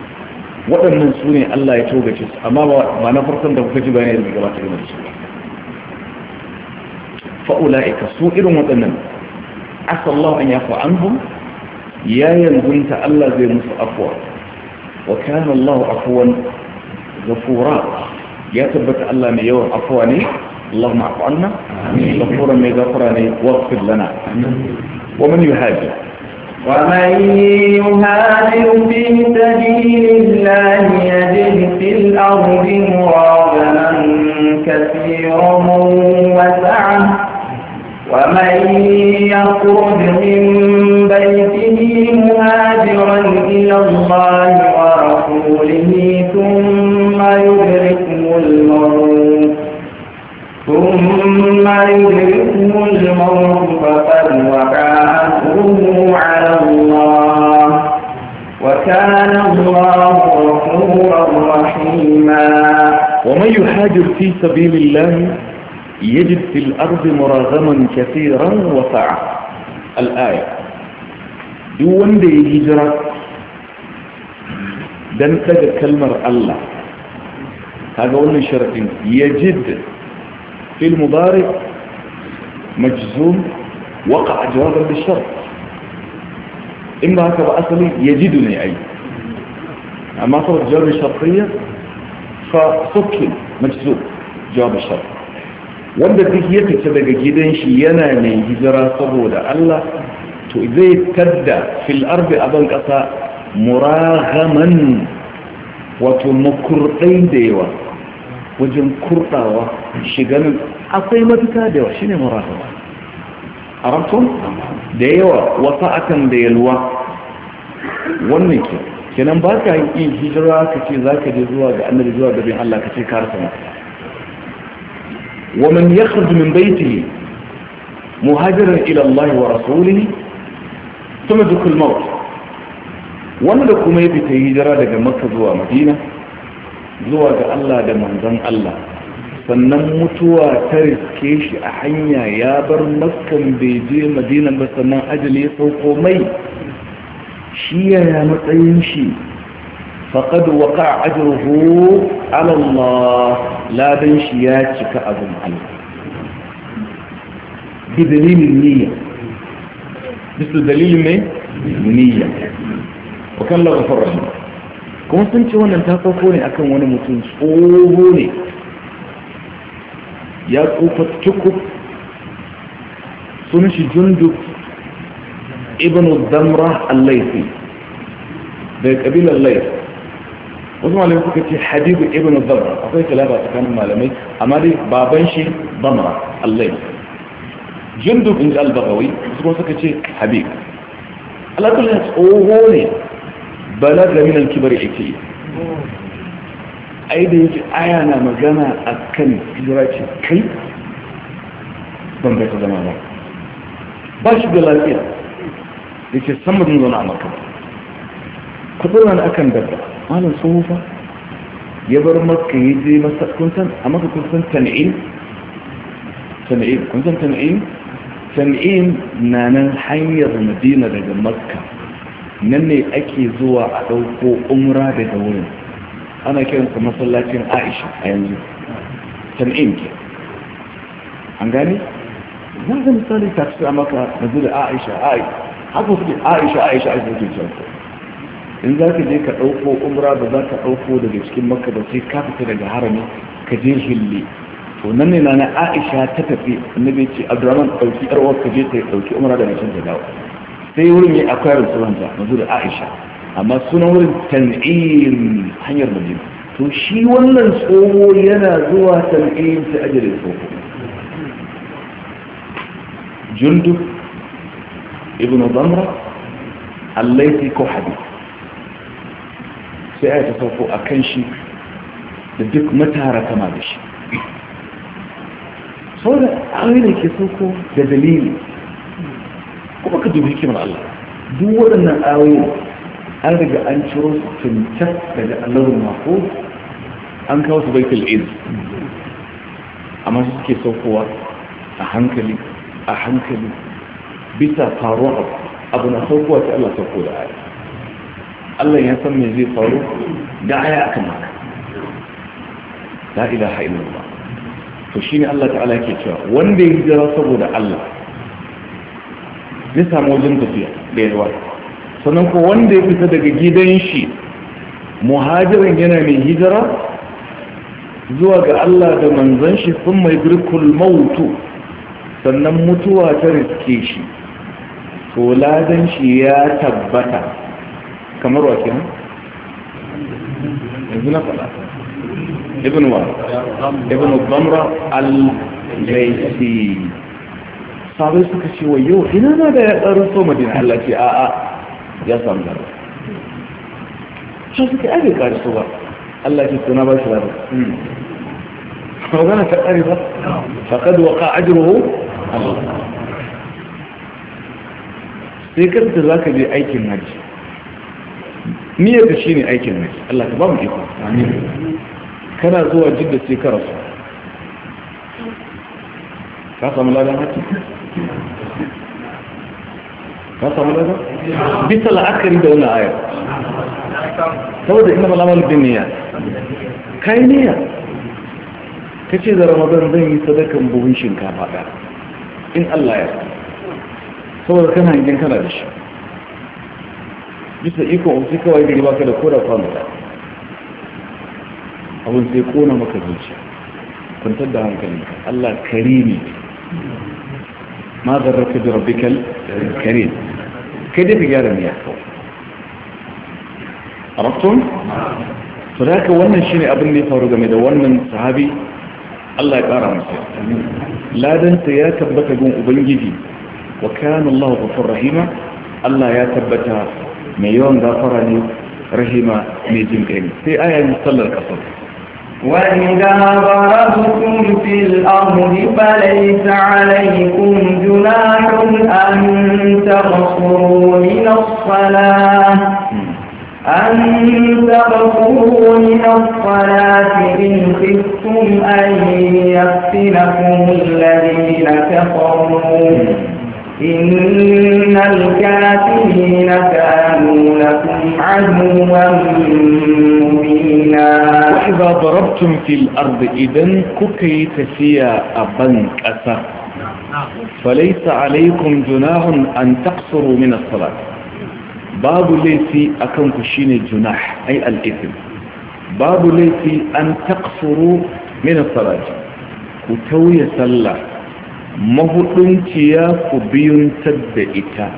waɗannan su ne Allah ya togace su amma ba na farkon da kuka ji bayan yadda gabata irin su fa'ula'ika su irin waɗannan asallahu an yafa an hum ya yanzunta Allah zai musu afuwa wa kana Allah afuwan gafura ya tabbata Allah mai yawan afuwa ne اللهم اعف عنا غفورا من لنا واغفر لنا ومن يهاجر
ومن يهاجر في سبيل الله يجد في الارض مرابا كثيرا وسعه ومن يخرج من بيته مهاجرا إلى الله ورسوله ثم يدركه الموت ثم يدركه الموت فقد وقع أمره على الله وكان الله غفورا رحيما ومن يهاجر في
سبيل الله يجد في الأرض مراغما كثيرا وسعة الآية دون دي هجرة دن كلمة الله هذا هو الشرط يجد في المضارع مجزوم وقع جوابا بالشرط إما هكذا أصلي يجدني أي أما صرف جواب الشرطية فسكن مجزوم جواب الشرط وأنت تكي يتسبق جدا شيئنا من هجرة صبولة ألا تؤذي تبدا في الأرض أبن قصى مراغما وتمكر قيدي وقت wajen kurdawa shiganin akwai mafita da yawa shine murahawa a da yawa wata akan da yalwa wannan ke kenan ba ka yi hijira ka ce za ka je zuwa ga annabi zuwa gabin Allah ka ce ka rasa mafita ومن يخرج من بيته مهاجرا إلى الله ورسوله ثم ذكر الموت wanda kuma ya fita hijira daga makka zuwa madina zuwa ga Allah da manzon Allah sannan mutuwa ta riske shi a hanya ya bar maskan bai je madina ba sannan ajali ya sauko mai shi yaya matsayin shi faƙad waƙa ajruhu ala Allah ladan shi ya cika abin Allah bi dalilin niyya bisu dalilin mai niyya wa kan laghfar rahim kuma sun ce wannan ta sauko ne akan wani mutum tsoho ne ya tsofa tukuk sun shi junduk ibn damra al-laifi daga kabilar laif wasu malamai suka ce habibu ibn damra akwai talaba tsakanin malamai amma dai baban shi damra al-laifi junduk in ji al-bagawi su kuma suka ce habib alakulai tsoho ne balaga min al-kibar ita ai da yake aya na magana akan hijira ce kai ban bai ta zama ba ba shi da lafiya da ke samun mun zauna a maka ku zauna akan dabba malam tsohufa ya bar maka ya je masa kuntan a maka kuntan tan'in tan'in kuntan tan'in tan'in na nan hanyar madina daga makka nan ne ake zuwa a ɗauko umra da wurin ana kiransa masallacin aisha a yanzu tan'in ke an gani za ka misali ta fi a maka na da aisha aisha haka suke aisha aisha aisha suke cewa in za ka je ka ɗauko umra ba za ka ɗauko daga cikin maka ba sai ka fita daga harami ka je hilli to nan ne na aisha ta tafi annabi ce abdurrahman ɗauki ɗarwar ka je ta ɗauki umra daga can ta dawo sai wurin ya akwai restauranta da aisha amma sunan wurin tan'im hanyar madina
to shi wannan tsoho yana zuwa tan'im
sai ajiye tsoho Jundu, ibn zamra allaiti ko hadith sai ya ta sauko a kan shi da duk matara kama da shi sau da
da ke sauko
da dalili kuma ka dubi hikimar Allah duk waɗannan ayoyi an riga an ciro su tuntas daga Allahul Mahfuz an kawo su baitul id amma su suke saukowa a hankali a hankali bisa faruwar abu na saukowa ta Allah sauko da aya Allah ya san me zai faru da aya akan haka la ilaha illallah to shine Allah ta'ala yake cewa wanda ya hijira saboda Allah zai samu wajen tafiya da yawa sannan ko wanda ya fita daga gidan shi muhajirin yana mai hijira zuwa ga Allah da manzon shi sun mai birkul mautu sannan mutuwa ta riske shi to ladan shi ya tabbata kamar wa kenan yanzu na faɗa ibn wa
ibn zamra al-jaisi
sabai suka ce wa yau ina na da ya tsarin so madina Allah ce a a ya samu garba shi suke ake kare so ba Allah ce suna ba shi garba sau gana ta kare ba faƙad wa ka ajiruhu sai karta za ka je aikin hajji niyyar ka shi ne aikin hajji Allah ka ba mu iko kana zuwa jidda sai ka rasu ka samu ladan hajji ka samu daga bisa la'akari da wani ayar
saboda ina malamar bin niyya
kai niyya ka ce da ramadan zan yi sadakan buhun shinkafa ɗaya in allah ya saboda kana hangen kana da shi bisa iko ofisi kawai gari baka da koda kwanu da abin sai kona maka zuciya kwantar da hankali allah kari ne ما غررت بربك الكريم كذب قال لم يحفظ عرفتم؟ فذاك ومن شيني أبني فارغ ميدا ومن صحابي
الله يبارع مسير
لا دنت يا تبت قوم أبنجي وكان الله غفور رحيما الله يا تبت ميون غفرني رحيما ميزم كريم في آية مصلى القصر
وإذا ضربتم في الأرض فليس عليكم جناح أن تغفروا من الصلاة أن تغفروا من الصلاة إن خفتم أن يفتنكم الذين كفروا إن الكافرين كانوا لكم عدوا مبينا وإذا ضربتم في الأرض إذن كوكي
تسيا أبن أسر فليس عليكم جناح أن تقصروا من الصلاة باب ليسي أكون كشيني جناح أي الإثم باب ليسي أن تقصروا من الصلاة كتوي سلّى mahuɗunciya ku biyuntar da ita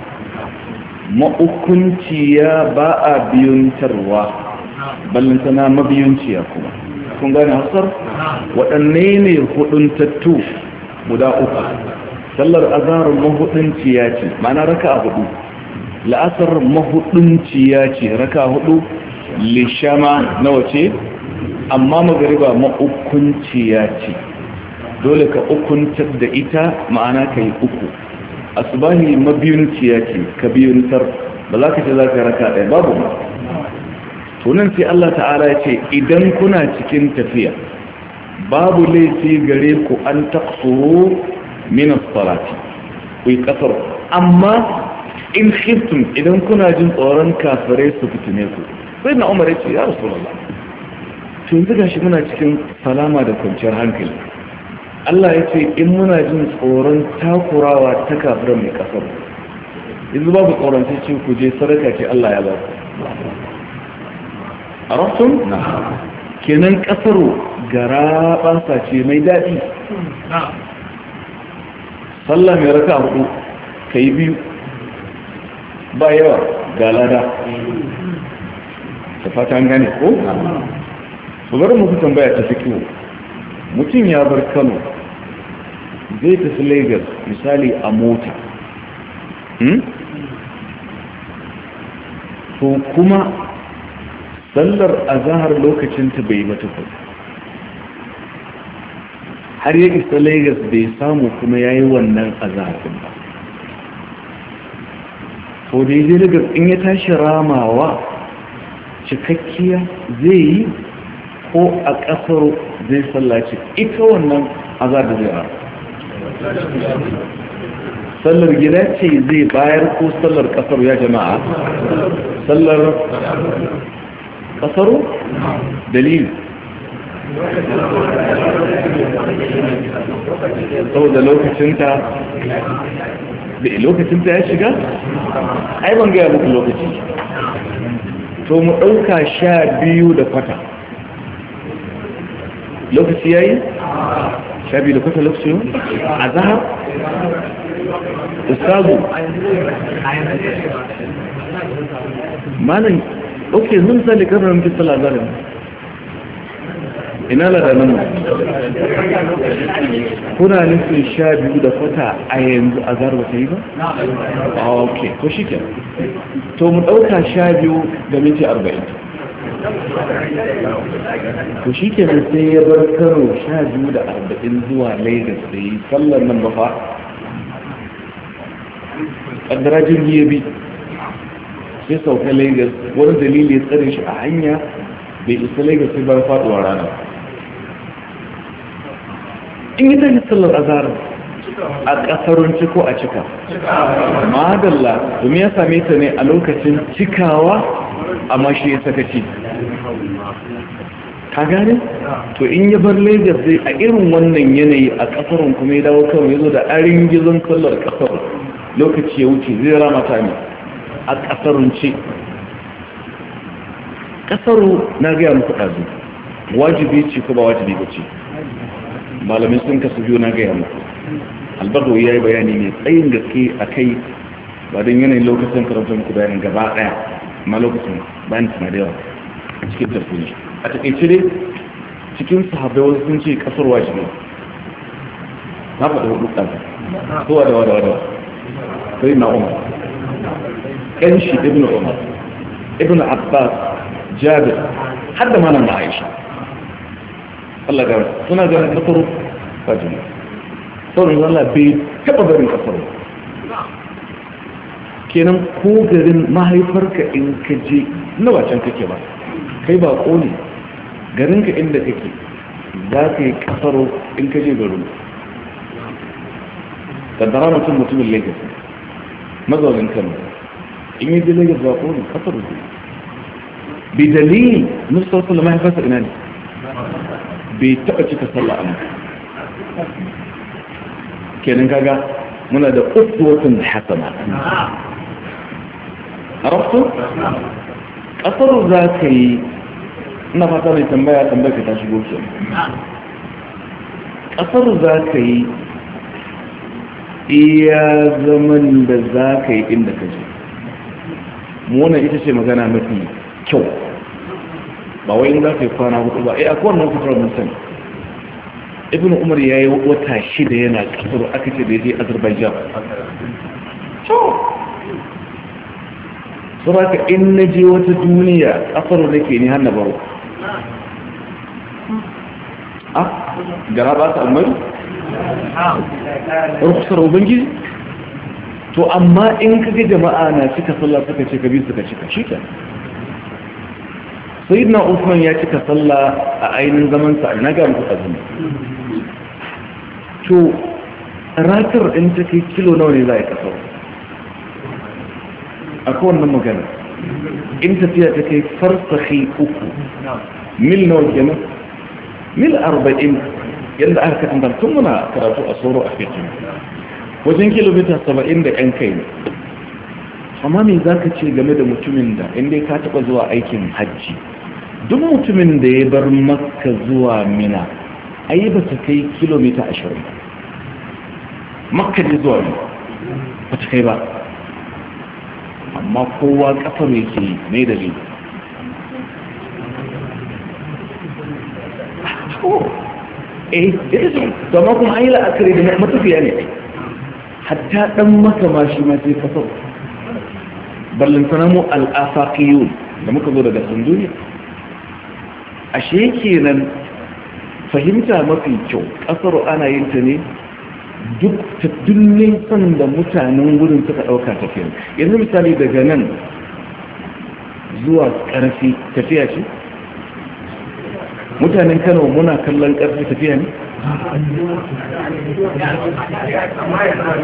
ma'ukunciya ba a biyuntarwa ballantana mabiyunciya kuma kun gane waɗanne ne huduntattu guda uku sallar azarar mahuɗunciya ce mana raka a hudu la'asar mahuɗunciya ce raka hudu lishama nawa ce amma magariba ma'ukunciya ce dole ka ukuntar da ita ma'ana ka yi uku asubahi mabiyun ce ka biyuntar ba za ka ce za ka raka ɗaya babu ba tunan sai Allah ta'ala ya ce idan kuna cikin tafiya babu laifi gare ku an taksuru minas farati ku yi ƙasar amma in shiftun idan kuna jin tsoron kafirai su fitine su sai na umar ya ce ya rasu tun yanzu shi muna cikin salama da kwanciyar hankali Allah ya ce in muna jin tsoron takurawa ta kafirar mai kasar yanzu babu tsoron ce ku je sadaka ce Allah ya ba a rafsun kenan kasar gara ɓansa ce mai daɗi sallah mai raka hudu ka yi biyu ba yawa ga lada ta fata gane ko? su bari mutu tambaya ta fi kiwo mutum ya bar kano zai tafi lagos misali a mota hmm? to kuma sallar azahar lokacinta bai mata ku har ya isa lagos bai samu kuma ya yi wannan a zahar ba to da ya lagos in ya tashi ramawa cikakkiya zai yi ko a ƙasar zai sallaci ita wannan azar da zai
ba.
sallar gida ce zai bayar ko sallar kasar ya jama'a sallar kasaru dalil saboda lokacinta
da lokacinta ya shiga ai ban gaya muku lokaci
to mu ɗauka sha biyu da kwata lokaci ya yi? sha biyu da kwata lokaci yau? a zahar? ustazu malam ok zun sa da kamar mafi tsala zalim
ina ladanin mu kuna nufin
sha biyu da kwata a yanzu a zahar ta yi ba? ok ko shi ke to mu ɗauka sha biyu da minti arba'in
to shi ke
sai ya bar karo sha biyu da arba'in zuwa lagos da yi sallar nan ba fa ƙaddara biya ya bi sai sauka lagos wani dalili ya tsare shi a hanya bai isa lagos sai bar faɗuwa rana in yi tafi sallar azhar a ƙasarun ciko a cika madalla domin ya same ta ne a lokacin cikawa amma shi ya sakaci ka gane to in ya bar lagos zai a irin wannan yanayi a kasarun kuma ya dawo kawai ya zo da arin gizon kallar kasar lokaci ya wuce zai rama ta ne a kasarun ce kasaru na gaya muku ɗazu wajibi ce ko ba wajibi ba ce malamin sun kasu biyu na gaya muku albardo ya yi bayani mai tsayin gaske a kai ba don yanayin lokacin karanta muku bayanin gaba ɗaya ma lokacin bayan suna da yawa a cikin tafsiri a takaice dai cikin sahabbai wasu sun ce kasar washi ne na faɗi hudu ƙasa ko wada wada wada sai na umar
ƙanshi ibn
umar ibn abbas jabir har da malam na aisha Allah gara suna ganin kasar washi ne sauran Allah bai taɓa barin kasar washi kenan ko garin mahaifarka in ka je na wacan kake ba kai ba ne garinka inda kake za ka yi kasaro in ka je garin kaddara mutum mutumin lagos mazaunin kano in yi je lagos ba ne kasaro ne bi dalili nufsar da mahaifarsa ina ne bai taɓa cika sallah
a
kenan kaga muna da da hasana harafto ƙasar za ka yi ina fata mai tambaya tambaya ka ta shigo ke ƙasar za ka yi iya zaman da za ka yi inda ka je muna ita ce magana mafi kyau ba wai in za ka yi kwana hudu ba a kowane fitar musan ibn umar ya yi wata shida yana kasar aka ce da ya je azerbaijan kyau sun in na je wata duniya ƙasar da ke ni hannu baro a ah, gara ba ta almaru rukusar ubangiji to amma in kage jama'a na cika sallah suka ce kabi suka cika shi ta sai na usman ya cika sallah a ainihin zamansa na ga muku azumi to ratar in ta kai kilo nawa ne za a yi kasar a kowannan magana in tafiya ta kai farsahi uku mil nawa kenan mil arba'in yadda aka katanta tun muna karatu a tsoro a fitin wajen kilomita saba'in da yan kai ne amma me za ka ce game da mutumin da inda ka taɓa zuwa aikin hajji duk mutumin da ya bar makka zuwa mina a yi ba ta kai kilomita ashirin makka ne zuwa ba ta kai ba amma kowa kafar yake yi ne da ne eh ita ce to amma kuma an yi la'akari da matafiya ne hatta dan maka ma shi ma sai kasar ballantana mu al'afaqiyun da muka zo daga san duniya ashe kenan fahimta mafi kyau kasar ana yin ta ne duk nisan da mutanen wurin suka ɗauka tafiya yanzu misali daga nan zuwa ƙarfi tafiya ce mutanen kano muna kallon ƙarfi tafiya ne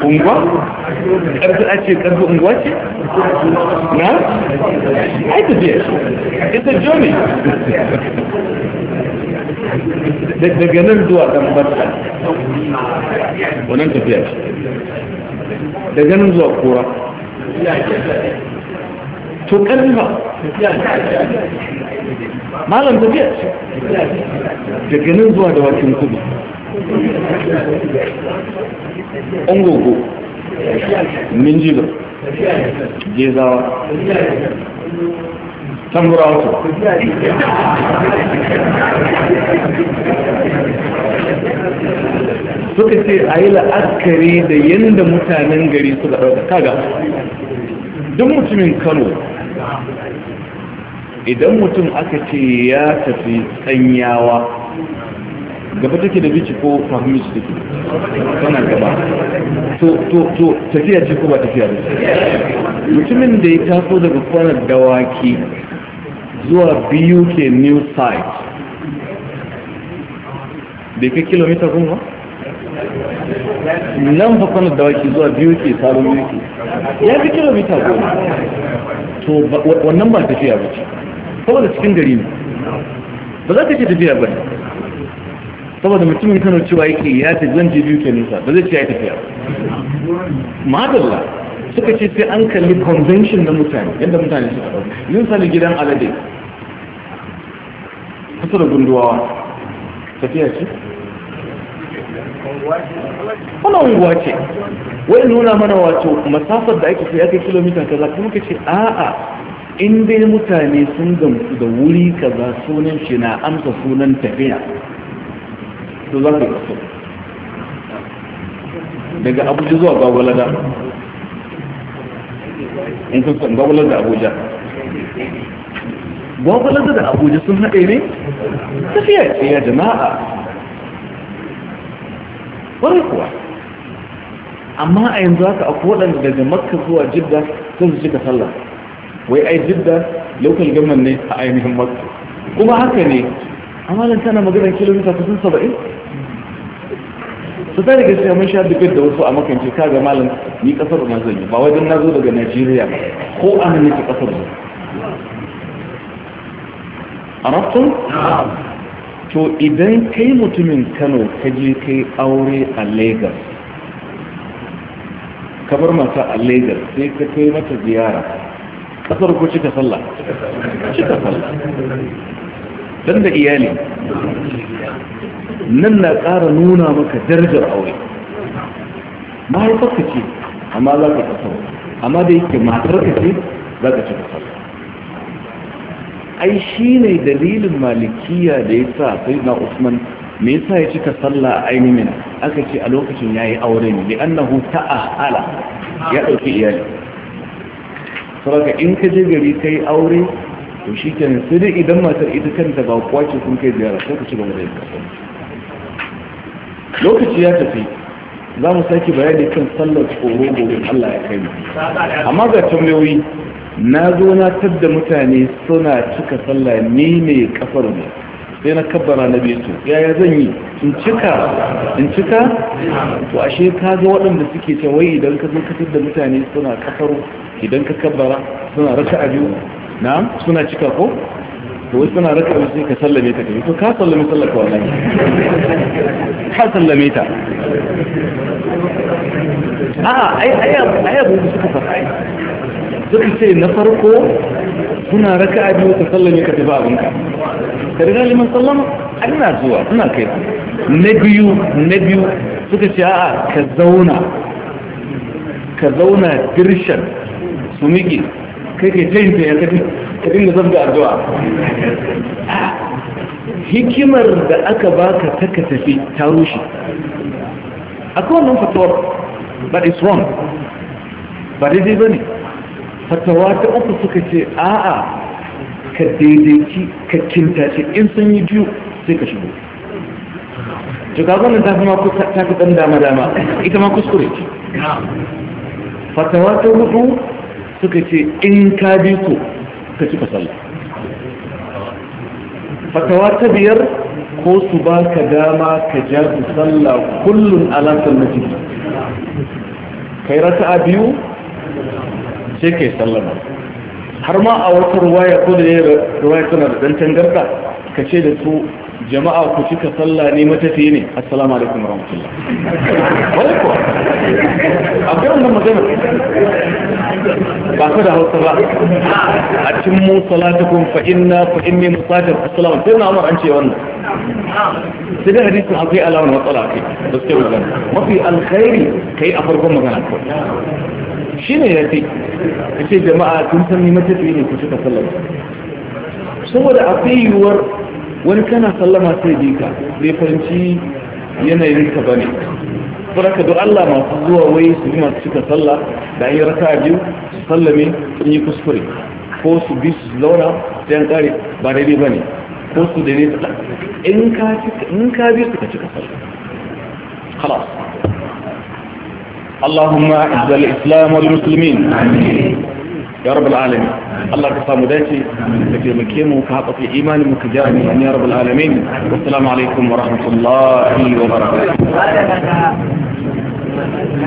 unguwa? ƙarfi a ce ƙarfi unguwa ce? na? ai tafiya ce ita joni daga nan zuwa ɗan barka wannan tafiya ce da ganin zuwa kura.
to ƙarfa
malam tafiya ce da
ganin zuwa da wakin kudu
ungogo minjiba, jezawa
tamburawa wato suka ce a yi la'akari da yadda mutanen gari suka ɗauka kaga duk mutumin kano idan mutum aka ce ya tafi tsanyawa gaba take da biki ko fahimci ke tana gaba to to to tafiya ce ko ba tafiya ba mutumin da ya taso daga kwanar dawaki zuwa biyu ke new site da kai kilomita kuma
nan fa kwanar da waki zuwa biyu ke saro biyu ke ya fi kilomita goma
to wannan ba tafiya ba ce saboda cikin gari ne ba za ka ce tafiya ba ne saboda mutum kano cewa yake ya ce zan je biyu ke nisa ba zai ce ya tafiya madalla suka ce sai an kalli convention na mutane yadda mutane suka ɗauka yin sani gidan alade kusa da gunduwa tafiya ce Wani unguwa ce wai nuna mana wato masafar da ake fi ake kilomita kaza kuma ka ce a'a in dai mutane sun gamsu da wuri kaza sunan shi na amsa sunan tafiya to za ka yi kaso daga abuja zuwa gwagwalada
in kun san gwagwalada abuja
gwagwalada da abuja sun haɗe ne tafiya ce ya jama'a wani kuwa amma a yanzu haka a kodan daga makka zuwa jidda sun ji ka sallah wai ai jidda lokal gaman ne a ainihin makka kuma haka ne amma dan tana maganar kilomita kusan saba'in su tare gaskiya mun sha dubin da wasu a makance ka ga malam ni kasar ba zan yi ba wai na zo daga najeriya ba ko an nake kasar ba a rafton? to idan kai mutumin kano ka je kai aure a lagos kamar mata a lagos sai ka kai mata ziyara kasar ko cika sallah cika sallah don da iyali nan na ƙara nuna maka darajar aure mahaifarka ce amma za ka kasar amma da yake ka ce za ka cika sallah ai shi ne dalilin malikiya da ya sa sai na usman me yasa ya cika sallah a ainihin aka ce a lokacin ya yi aure ne li'annahu ta'ala ya ɗauki iyali saboda in ka je gari ka yi aure to shi kenan sai dai idan matar ita kanta ba kwace kun kai ziyara sai ku ci gaba da yin lokaci ya tafi za mu sake bayani kan sallar tsoro gobe Allah ya
kai
amma ga tambayoyi na zo na tadda mutane suna cika sallah ni ne kafar ne sai na kabbara na biyu yaya zan yi in cika in cika to ashe ka ga waɗanda suke wai idan ka zo ka tadda mutane suna kafar idan ka kabbara suna raka abu? biyu na suna cika ko to wasu suna raka abu sai ka sallame ta kai to ka sallame sallah ka wallahi ka sallame ta a'a ai ai ai abu suka faɗa suka ce na farko suna raka a biyu ka sallame ka tafi abinka ka riga liman sallama ina zuwa ina kai na biyu na biyu suka ce a ka zauna ka zauna dirshan su miƙe kai kai ta yin ta yankaci ka dinga zabga addu'a hikimar da aka baka ta ka tafi ta rushe akwai wannan fatuwar but it's wrong ba daidai ba ne fatawa ta uku suka ce a'a ka daidaici ka kintace in sun yi biyu sai ka shigo jikagunan ta fi mako ta fi ɗan dama-dama ita ma kuskure ce fatawa ta hudu suka ce in ka bi ku ka cika sallah fatawa ta biyar ko su ba ka dama ka ja su sallah kullum alaƙar na jiki kai rata a biyu sai ka yi sallama har ma a wata ruwaya ko da ya ruwaya suna da ɗan tangarda ka ce da su jama'a ku cika sallah ne matafi ne assalamu alaikum rahmatullah
wani kuwa a kan da magana
ba ka da hausa ba a cin mu salatakun fa inna fa inni musafir assalamu sai na umar an ce wannan sai da hadisin akwai alamar matsala kai da suke magana mafi alkhairi kai a farkon magana kawai shi ne ya fi ya ce jama'a tun san ni matafiya ne ku suka sallama saboda a akwai yiwuwar wani kana sallama sai bi ka bai fahimci yanayin ka bane saboda duk Allah masu zuwa wai su bi masu suka salla da yi raka biyu su sallame sun yi kuskure ko su bi su zauna sai an kare ba daidai ba ne ko su da ne in ka bi su ka cika salla اللهم اعز الاسلام والمسلمين يا رب العالمين الله كفام ذاتي لكي مكيمه في إيمان مكجاني يعني يا رب العالمين والسلام عليكم ورحمة الله
وبركاته